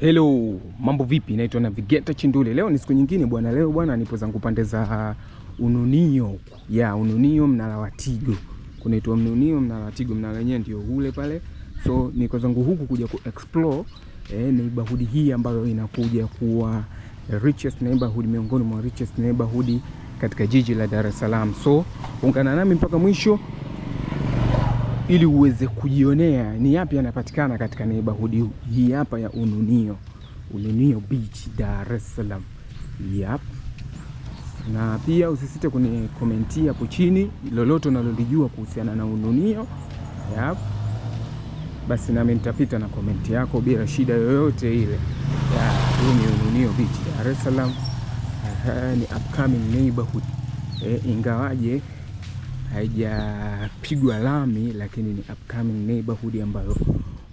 Hello, mambo vipi? Naitwa vigeta Chinduli. Leo ni siku nyingine bwana. Leo bwana, nipo zangu pande za Ununio ya Ununio, mnara wa Tigo, kunaitwa Ununio, mnara wa Tigo. Mnara wenyewe ndio ule pale, so niko zangu huku kuja ku explore eh, neighborhood hii ambayo inakuja kuwa richest neighborhood, miongoni mwa richest neighborhood katika jiji la Dar es Salaam. So ungana nami mpaka mwisho ili uweze kujionea ni yapi yanapatikana katika neighborhood hii hapa ya Ununio, Ununio Beach, Dar es Salaam. Yap, na pia usisite kunikomentia hapo chini lolote unalolijua kuhusiana na Ununio. Yap, basi nami nitapita na komenti yako bila shida yoyote ile. Huu ni Ununio Beach, Dar es Salaam. Ni upcoming neighborhood eh, ingawaje haijapigwa lami, lakini ni upcoming neighborhood ambayo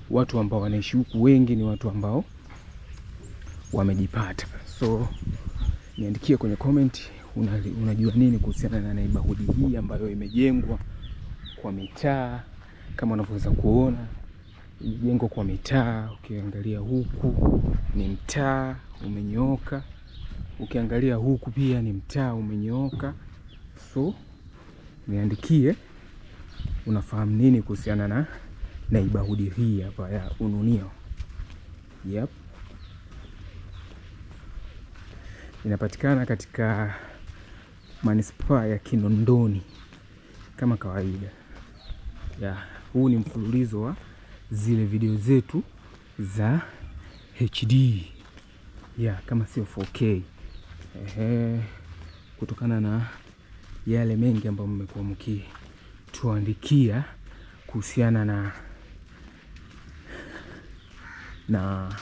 watu ambao wanaishi huku wengi ni watu ambao wamejipata. So niandikie kwenye comment unajua nini kuhusiana na neighborhood hii ambayo imejengwa kwa mitaa kama unavyoweza kuona imejengwa kwa mitaa. Ukiangalia huku ni mtaa umenyooka, ukiangalia huku pia ni mtaa umenyooka so niandikie unafahamu nini kuhusiana na naibahudi hii hapa ya Ununio. Yep. Inapatikana katika manispaa ya Kinondoni kama kawaida ya. Huu ni mfululizo wa zile video zetu za HD ya kama sio 4K. Ehe, kutokana na yale mengi ambayo mmekuwa mkituandikia kuhusiana na na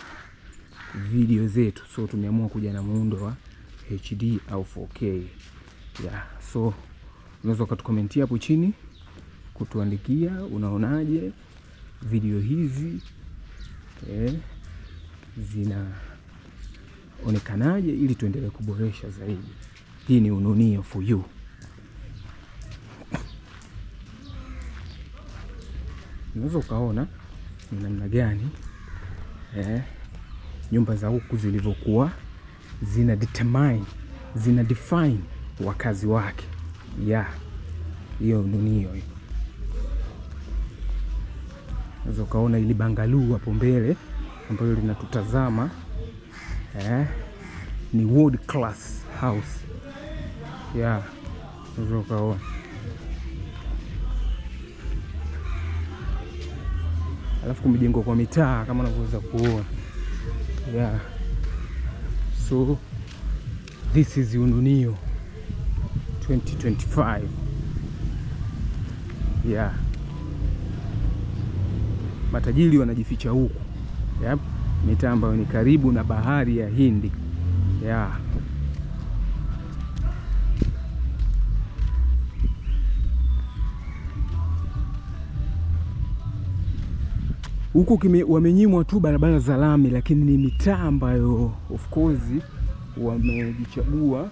video zetu, so tumeamua kuja na muundo wa HD au 4K yeah. So unaweza ukatukomentia hapo chini kutuandikia unaonaje video hizi eh, zinaonekanaje, ili tuendelee kuboresha zaidi. Hii ni Ununio for you. Unaweza ukaona ni namna gani eh, nyumba za huku zilivyokuwa zina determine zina define wakazi wake ya hiyo nini hiyo. Unaweza ukaona ili bangaluu hapo mbele ambayo linatutazama eh, ni world class house ya unaweza ukaona alafu kumejengwa kwa mitaa kama unavyoweza kuona yeah. So this is Ununio 2025 yeah. Matajiri wanajificha huku yep. Mitaa ambayo ni karibu na bahari ya Hindi yeah. huku wamenyimwa tu barabara za lami, lakini ni mitaa ambayo of course wamejichagua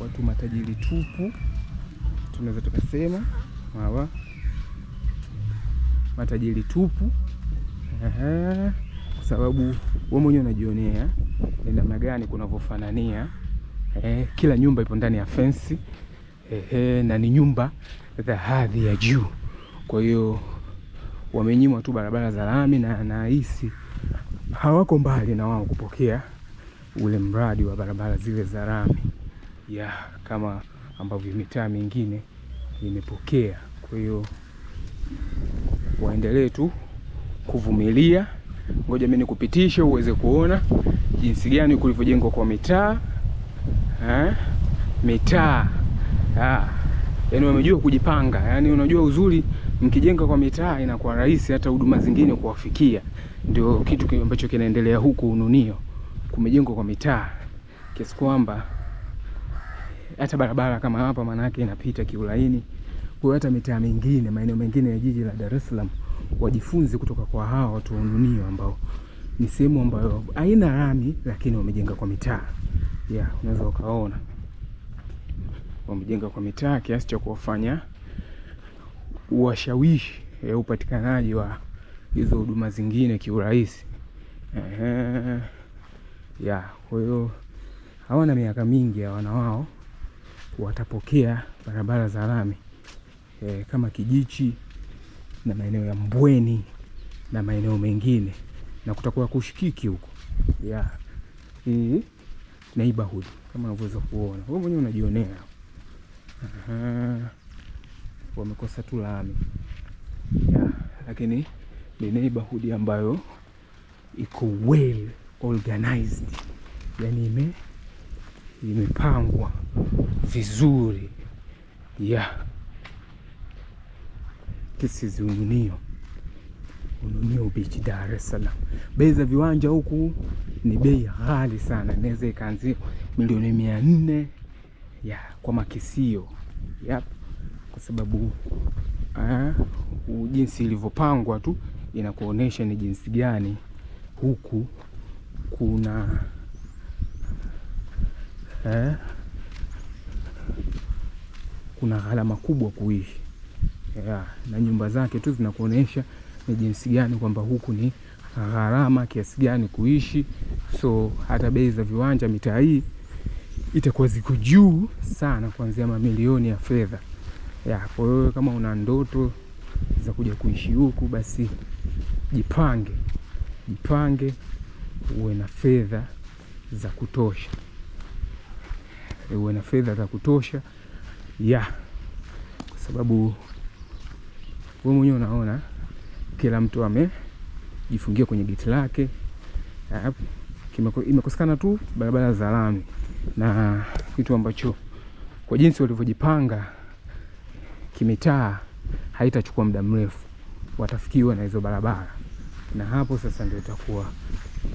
watu matajiri tupu, tunaweza tukasema hawa matajiri tupu kwa sababu wao mwenyewe wanajionea ni namna gani kunavyofanania. Eh, kila nyumba ipo ndani ya fensi eh, eh, na ni nyumba za hadhi ya juu, kwa hiyo wamenyimwa tu barabara za lami, na nahisi hawako mbali na wao kupokea ule mradi wa barabara zile za lami ya yeah, kama ambavyo mitaa mingine imepokea. Kwa hiyo waendelee tu kuvumilia, ngoja mimi nikupitishe uweze kuona jinsi gani kulivyojengwa kwa mitaa eh, mitaa ah yani wamejua kujipanga. Yani unajua uzuri, mkijenga kwa mitaa inakuwa rahisi hata huduma zingine kuwafikia. Ndio kitu ambacho kinaendelea huku Ununio, kumejengwa kwa mitaa kiasi kwamba hata barabara kama hapa manake inapita kiulaini. Kwa hiyo hata mitaa mingine, maeneo mengine ya jiji la Dar es Salaam wajifunze kutoka kwa hawa watu wa Ununio ambao ni sehemu ambayo haina rami lakini wamejenga kwa mitaa. Yeah, unaweza ukaona wamejenga kwa mitaa kiasi cha kuwafanya washawishi e, upatikanaji wa hizo huduma zingine kiurahisi. Ehe, ya kwa hiyo hawana miaka mingi, wana wao watapokea barabara za lami e, kama Kijichi na maeneo ya Mbweni na maeneo mengine, na kutakuwa kushikiki huko ya hii neighborhood kama unavyoweza kuona wewe mwenyewe unajionea wamekosa tu lami yeah, lakini ni neighborhood ambayo iko well organized, yani ime imepangwa vizuri yeah. This is Ununio, Ununio Beach, Dar es Salaam. Bei za viwanja huku ni bei ghali sana, inaweza ikaanzia milioni mia nne ya kwa makisio yep. Kwa sababu uh, jinsi ilivyopangwa tu inakuonesha ni jinsi gani huku kuna eh, kuna gharama kubwa kuishi ya, Na nyumba zake tu zinakuonesha ni jinsi gani kwamba huku ni gharama kiasi gani kuishi, so hata bei za viwanja mitaa hii itakuwa ziko juu sana, kuanzia mamilioni ya fedha ya. Kwa hiyo kama una ndoto za kuja kuishi huku, basi jipange, jipange uwe na fedha za kutosha, uwe na fedha za kutosha ya, kwa sababu wewe mwenyewe unaona kila mtu amejifungia kwenye geti lake, imekosekana tu barabara za lami na kitu ambacho kwa jinsi walivyojipanga kimitaa haitachukua muda mrefu, watafikiwa na hizo barabara, na hapo sasa ndio itakuwa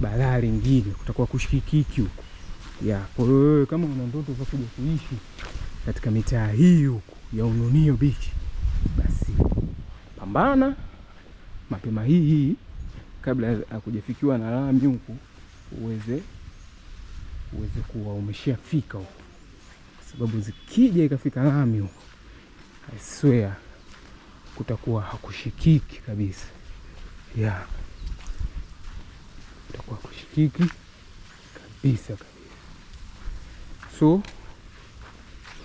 balaa lingine, kutakuwa kushikikiki huko ya. Kwa hiyo wewe kama una ndoto za kuja kuishi katika mitaa hii huku ya Ununio Beach, basi pambana mapema hii hii kabla ya kujafikiwa na lami huku uweze uweze kuwa umeshafika huko, kwa sababu zikija ikafika lami huko, I swear kutakuwa hakushikiki kabisa ya yeah. Kutakuwa hakushikiki kabisa kabisa. So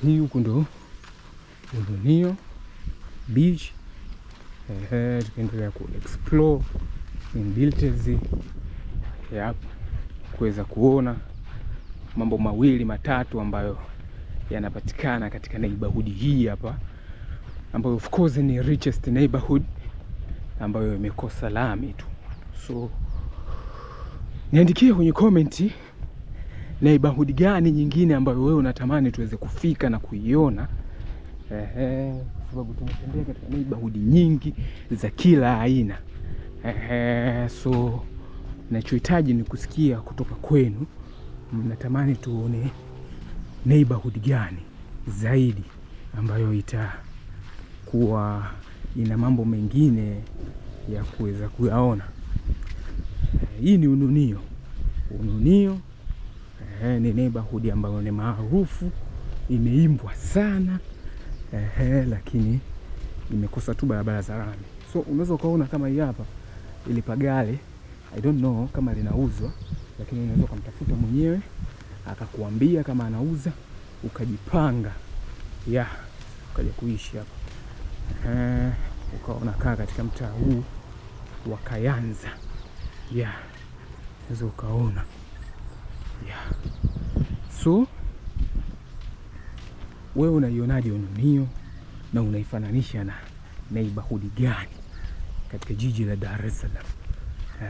hii huku ndo Ununio beach. Ehe, tukaendelea ku explore in details hapa kuweza kuona mambo mawili matatu ambayo yanapatikana katika neighborhood hii hapa, ambayo of course ni richest neighborhood ambayo imekosa lami tu. So niandikie kwenye comment neighborhood gani nyingine ambayo wewe unatamani tuweze kufika na kuiona, ehe, sababu tumetembea katika neighborhood nyingi za kila aina ehe, so nachohitaji ni kusikia kutoka kwenu mnatamani tuone neighborhood gani zaidi ambayo itakuwa ina mambo mengine ya kuweza kuyaona. Hii ni Ununio. Ununio eh, ni neighborhood ambayo ni maarufu, imeimbwa sana eh, lakini imekosa tu barabara za lami. So unaweza ukaona kama hii hapa ilipagale, I don't know kama linauzwa lakini unaweza ukamtafuta mwenyewe akakuambia kama anauza, ukajipanga ya yeah, ukaja kuishi hapa uh, eh, ukaona kaa katika mtaa huu wa Kayanza ya yeah, unaweza ukaona yeah. So wewe unaionaje Ununio na unaifananisha na neighborhood gani katika jiji la Dar es Salaam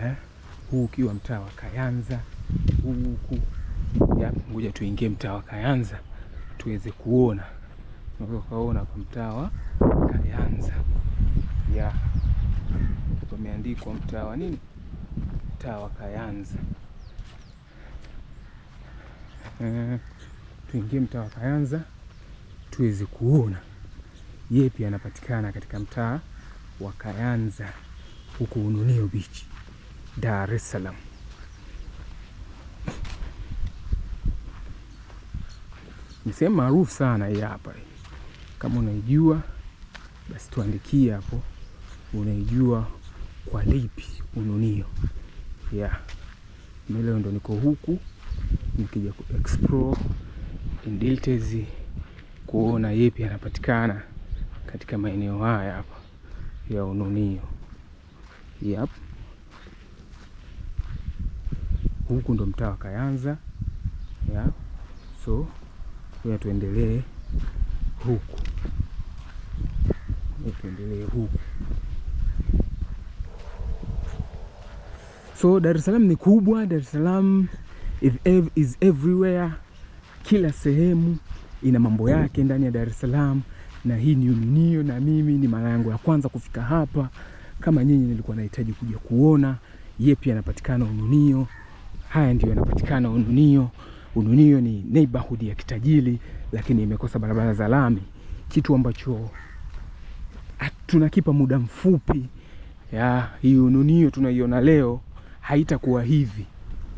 eh? huu ukiwa mtaa wa Kayanza huku. Ngoja tuingie mtaa wa Kayanza tuweze kuona, unaweza ukaona kwa mtaa wa Kayanza ya pameandikwa mtaa wa nini, mtaa wa Kayanza. E, tuingie mtaa wa Kayanza tuweze kuona yepi anapatikana katika mtaa wa Kayanza huko Ununio Beach. Dar es Salaam. Ni sehemu maarufu sana hii hapa. Kama unaijua basi tuandikie hapo, unaijua kwa lipi Ununio ya yeah. Leo ndo niko huku nikija ku explore in details kuona yepi anapatikana katika maeneo haya hapa ya Ununio. Yep huku ndo mtaa wa Kayanza ya So ya tuendelee huku, tuendelee huku. So Dar es Salaam ni kubwa. Dar es Salaam is everywhere, kila sehemu ina mambo yake ndani ya Dar es Salaam, na hii ni Uminio, na mimi ni mara yangu ya kwanza kufika hapa. Kama nyinyi, nilikuwa nahitaji kuja kuona ye pia anapatikana ununio Haya ndiyo yanapatikana Ununio. Ununio ni neighborhood ya kitajiri, lakini imekosa barabara za lami, kitu ambacho tunakipa muda mfupi. Ya hii Ununio tunaiona leo haitakuwa hivi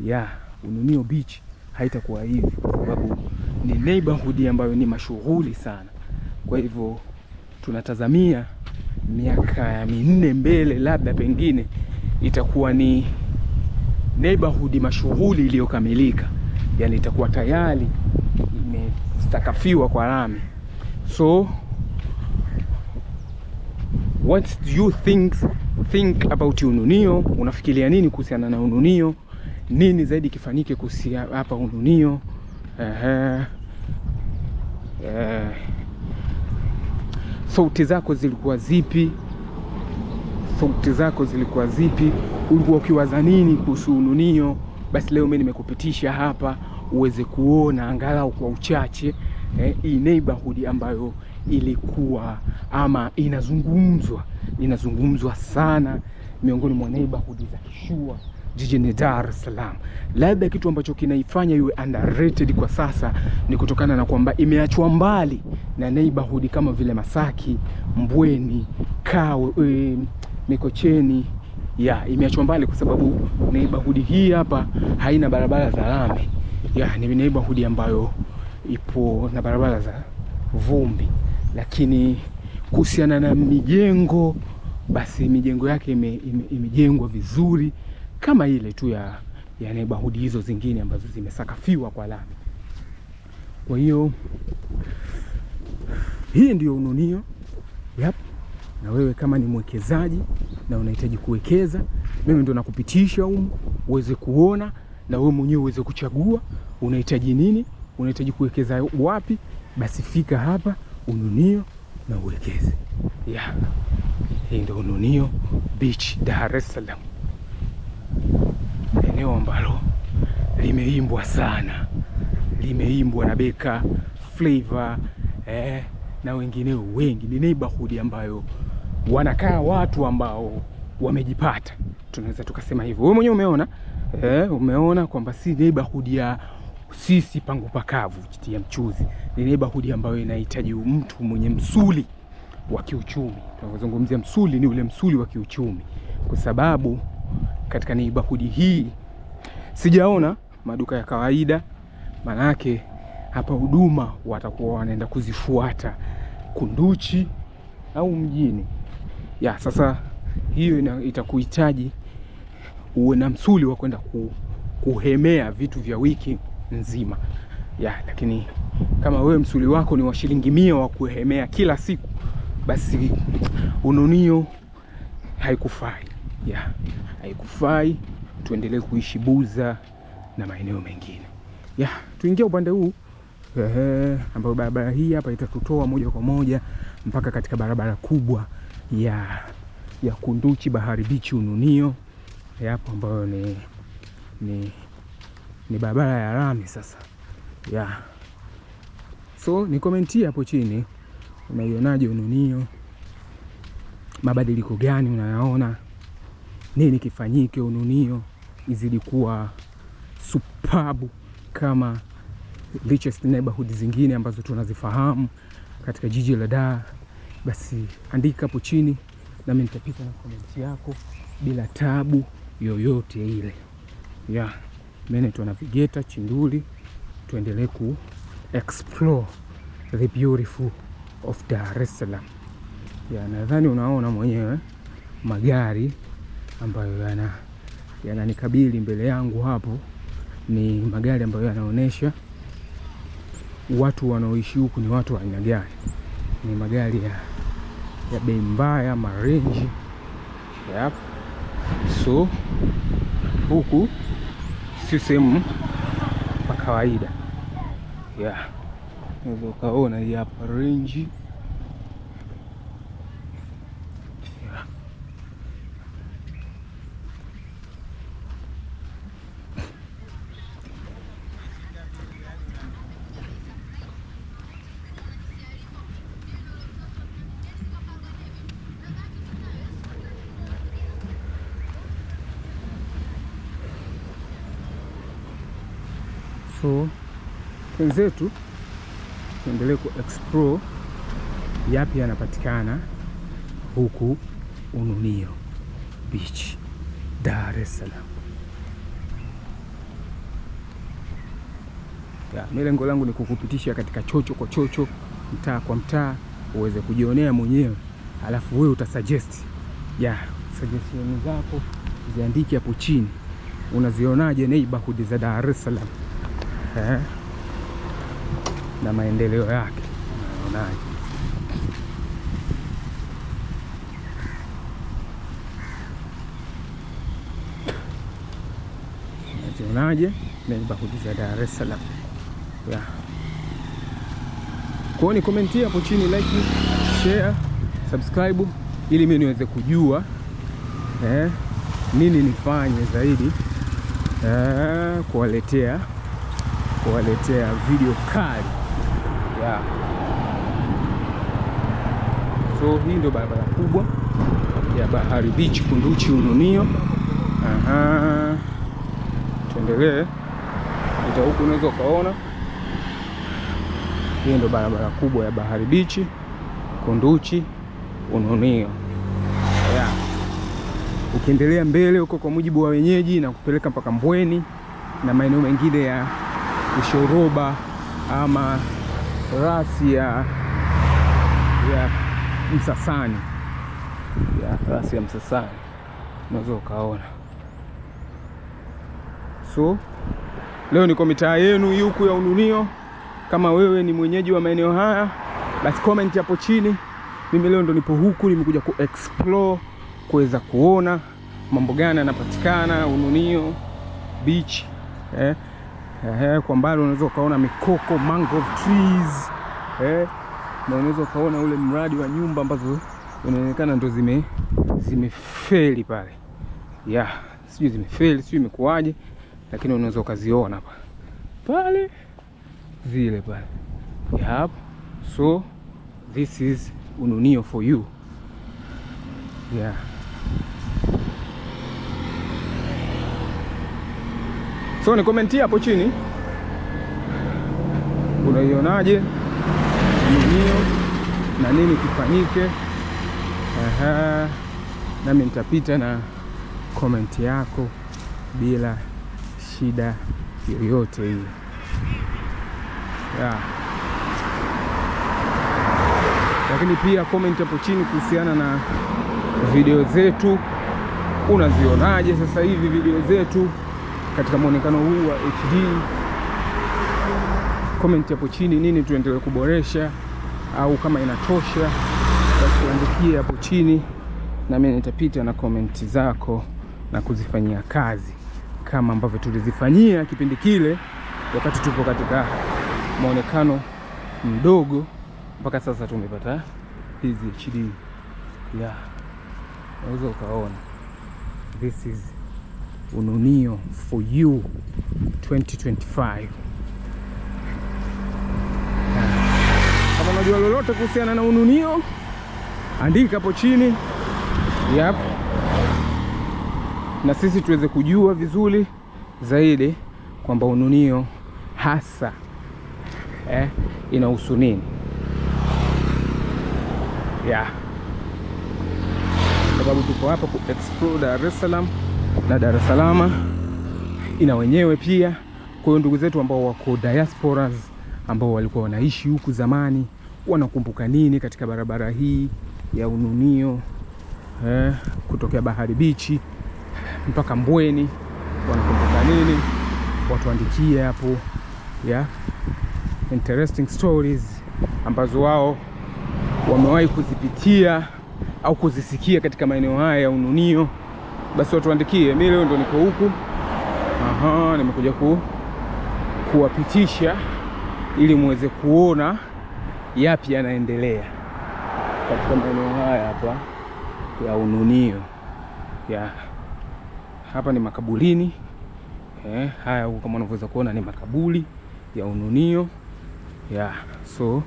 ya Ununio beach haitakuwa hivi, kwa sababu ni neighborhood ambayo ni mashughuli sana. Kwa hivyo tunatazamia miaka minne mbele, labda pengine itakuwa ni neighborhood mashughuli iliyokamilika, yani itakuwa tayari imestakafiwa kwa lami. So what do you think, think about Ununio? Unafikiria nini kuhusiana na Ununio? Nini zaidi kifanyike kuhusiana hapa Ununio? Ehe. Ehe. Sauti zako zilikuwa zipi? sauti zako zilikuwa zipi, ulikuwa ukiwaza nini kuhusu Ununio. Basi leo mimi nimekupitisha hapa uweze kuona angalau kwa uchache eh, hii neighborhood ambayo ilikuwa ama inazungumzwa inazungumzwa sana miongoni mwa neighborhood za Kishua jijini Dar es Salaam. Labda kitu ambacho kinaifanya iwe underrated kwa sasa ni kutokana na kwamba imeachwa mbali na neighborhood kama vile Masaki, Mbweni, Kawe, eh, Mikocheni ya imeachwa mbali kwa sababu neighborhood hii hapa haina barabara za lami. Ya ni neighborhood ambayo ipo na barabara za vumbi, lakini kuhusiana na mijengo, basi mijengo yake imejengwa ime, ime vizuri kama ile tu ya, ya neighborhood hizo zingine ambazo zimesakafiwa kwa lami. Kwa hiyo hii ndiyo Ununio. Yep na wewe kama ni mwekezaji na unahitaji kuwekeza, mimi ndo nakupitisha humu uweze kuona na wewe mwenyewe uweze kuchagua unahitaji nini, unahitaji kuwekeza wapi. Basi fika hapa Ununio na uwekeze. Yeah. Hii ndo Ununio Beach, Dar es Salaam, eneo ambalo limeimbwa sana, limeimbwa na Beka Flavor eh na wengineo wengi. Ni neighborhood ambayo wanakaa watu ambao wamejipata, tunaweza tukasema hivyo. Wewe mwenyewe umeona eh, umeona kwamba si neighborhood ya sisi pangu pakavu ya mchuzi. Ni neighborhood ambayo inahitaji mtu mwenye msuli wa kiuchumi. Tunazungumzia msuli, ni ule msuli wa kiuchumi, kwa sababu katika neighborhood hii sijaona maduka ya kawaida, manake hapa huduma watakuwa wanaenda kuzifuata. Kunduchi au mjini ya sasa. Hiyo itakuhitaji uwe na msuli wa kwenda ku, kuhemea vitu vya wiki nzima ya, lakini kama wewe msuli wako ni wa shilingi mia wa kuhemea kila siku, basi ununio haikufai ya, haikufai. Tuendelee kuishi Buza na maeneo mengine ya, tuingia upande huu ehe, ambayo barabara hii hapa itakutoa moja kwa moja mpaka katika barabara kubwa ya ya Kunduchi Bahari Beach Ununio e, hapo, ambayo ni, ni, ni barabara ya lami sasa ya. So ni komenti hapo chini, unaionaje Ununio? Mabadiliko gani unayaona? Nini kifanyike Ununio izidi kuwa supabu kama richest neighborhood zingine ambazo tunazifahamu katika jiji la Dar, basi andika hapo chini, nami nitapita na comment yako bila tabu yoyote ile. Yeah, mimi naitwa Navigator Chinduli, tuendelee ku explore the beautiful of Dar es Salaam. Yeah, nadhani unaona mwenyewe magari ambayo yana yananikabili mbele yangu hapo ni magari ambayo yanaonyesha watu wanaoishi huku ni watu wa aina gani, ni magari ya, ya bei mbaya marenji. Yep. So huku si sehemu kwa kawaida yeah. Unaweza ukaona hii hapa renji So wenzetu, tuendelee ku explore yapi yanapatikana huku Ununio Beach, Dar es Salaam. Mi lengo langu ni kukupitisha katika chocho kwa chocho, mtaa kwa mtaa, uweze kujionea mwenyewe, alafu wewe utasuggest ya suggestion zako ziandike hapo chini, unazionaje neighborhood za Dar es Salaam? eh, na maendeleo yake unaonaje? Unaonaje? Pakutuza Dar es Salaam yeah. Kwa ni komenti hapo chini, like, share, subscribe ili mimi niweze kujua eh, nini nifanye zaidi eh, kuwaletea kuwaletea video kali yeah. So hii ndio barabara kubwa ya Bahari Beach Kunduchi Ununio. Aha, tuendelee ita huku, unaweza ukaona hii ndio barabara kubwa ya Bahari Beach Kunduchi Ununio yeah. Ukiendelea mbele huko, kwa mujibu wa wenyeji na kupeleka mpaka Mbweni na maeneo mengine ya ushoroba ama rasi ya, ya Msasani ya rasi ya Msasani unaweza ukaona. So leo niko mitaa yenu hii huku ya Ununio. Kama wewe ni mwenyeji wa maeneo haya, basi comment hapo chini. Mimi leo ndo nipo huku, nimekuja ku explore kuweza kuona mambo gani yanapatikana Ununio beach eh. Ehe, kwa mbali unaweza ukaona mikoko mangrove trees eh, na unaweza ukaona ule mradi wa nyumba ambazo unaonekana ndo zime zimefeli pale yeah, sijui zimefeli sijui imekuwaje, lakini unaweza ukaziona hapa pale zile pale yep. So this is Ununio for you yeah. So ni komenti hapo chini, unaionaje mwenyewe na nini kifanyike? Aha, nami nitapita na komenti yako bila shida yoyote hii yeah. Lakini pia komenti hapo chini kuhusiana na video zetu, unazionaje sasa hivi video zetu katika muonekano huu wa HD. Comment hapo chini nini tuendelee kuboresha au kama inatosha, basi tuandikie hapo chini, na mimi nitapita na comment zako na kuzifanyia kazi kama ambavyo tulizifanyia kipindi kile wakati tupo katika muonekano mdogo. Mpaka sasa tumepata hizi HD ya yeah. Unaweza ukaona this is Ununio for you 2025. unajua lolote kuhusiana na ununio, andika hapo chini yep, na sisi tuweze kujua vizuri zaidi kwamba ununio hasa eh, inahusu nini ya yeah. Sababu tuko hapa ku explore Dar es Salaam na Dar es Salaam ina wenyewe pia. Kwa hiyo ndugu zetu ambao wako diasporas ambao walikuwa wanaishi huku zamani wanakumbuka nini katika barabara hii ya Ununio eh, kutokea Bahari Bichi mpaka Mbweni wanakumbuka nini? Watuandikie hapo ya yeah, interesting stories ambazo wao wamewahi kuzipitia au kuzisikia katika maeneo haya ya Ununio basi watuandikie. Mimi leo ndo niko huku, aha, nimekuja ku kuwapitisha ili muweze kuona yapi yanaendelea katika maeneo haya hapa ya Ununio ya hapa ni makaburini eh, haya huko kama unavyoweza kuona ni makaburi ya Ununio ya so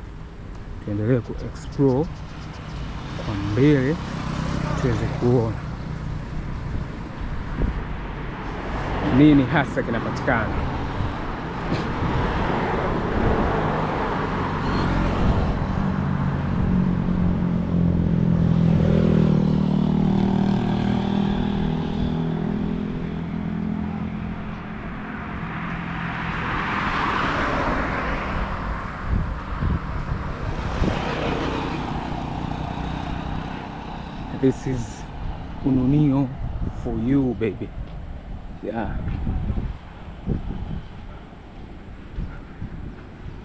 tuendelee ku explore kwa mbele tuweze kuona nini hasa kinapatikana. This is Ununio for you baby yeah.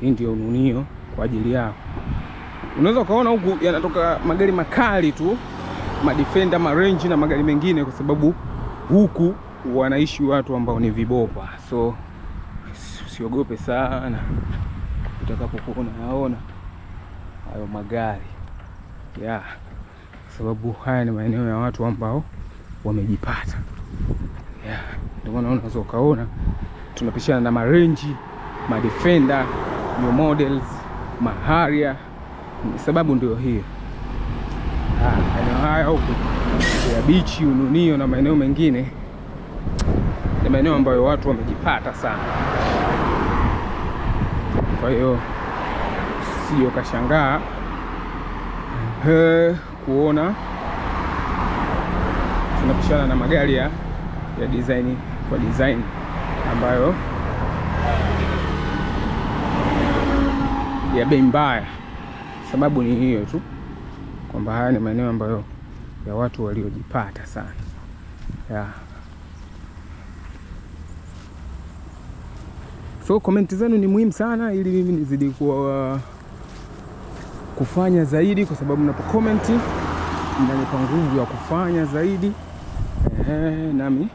Hii ndio ununio kwa ajili yao. Unaweza ukaona huku yanatoka magari makali tu, madifenda, marenji na magari mengine, kwa sababu huku wanaishi watu ambao ni vibopa, so usiogope sana utakapokuona naona hayo magari yeah, kwa sababu haya ni maeneo ya watu ambao wamejipata. Ndio maana unaweza ukaona tunapishana na marenji, madefender, new models, maharia. Sababu ndio hiyo. Ah, maeneo haya huku ya bichi, Ununio na maeneo mengine ni maeneo ambayo watu wamejipata sana, kwa hiyo sio kashangaa eh, kuona tunapishana na magari ya design kwa design ambayo ya bei mbaya. Sababu ni hiyo tu kwamba haya ni maeneo ambayo ya watu waliojipata sana ya. So komenti zenu ni muhimu sana, ili mimi nizidi kuwa kufanya zaidi, kwa sababu mnapo komenti mnanipa nguvu ya kufanya zaidi. Ehe, nami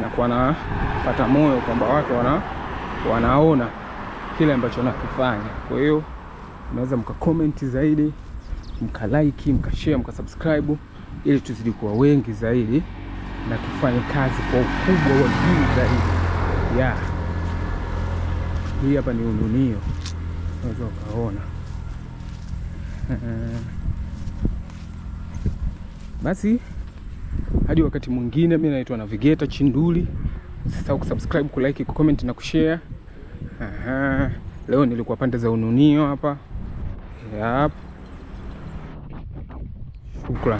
nakuwa napata moyo kwamba watu wana, wanaona kile ambacho nakifanya. Kwa hiyo mnaweza mkakomenti zaidi, mkalike, mkashare, mkasubscribe ili tuzidi kuwa wengi zaidi na tufanye kazi kwa ukubwa wa juu zaidi yeah. Hii hapa ni Ununio, unaweza ukaona basi. Hadi wakati mwingine, mimi naitwa Navigator Chinduli. Usisahau kusubscribe, kulike, kucomment na kushare. Aha. Leo nilikuwa pande za Ununio hapa. Yep. Shukrani.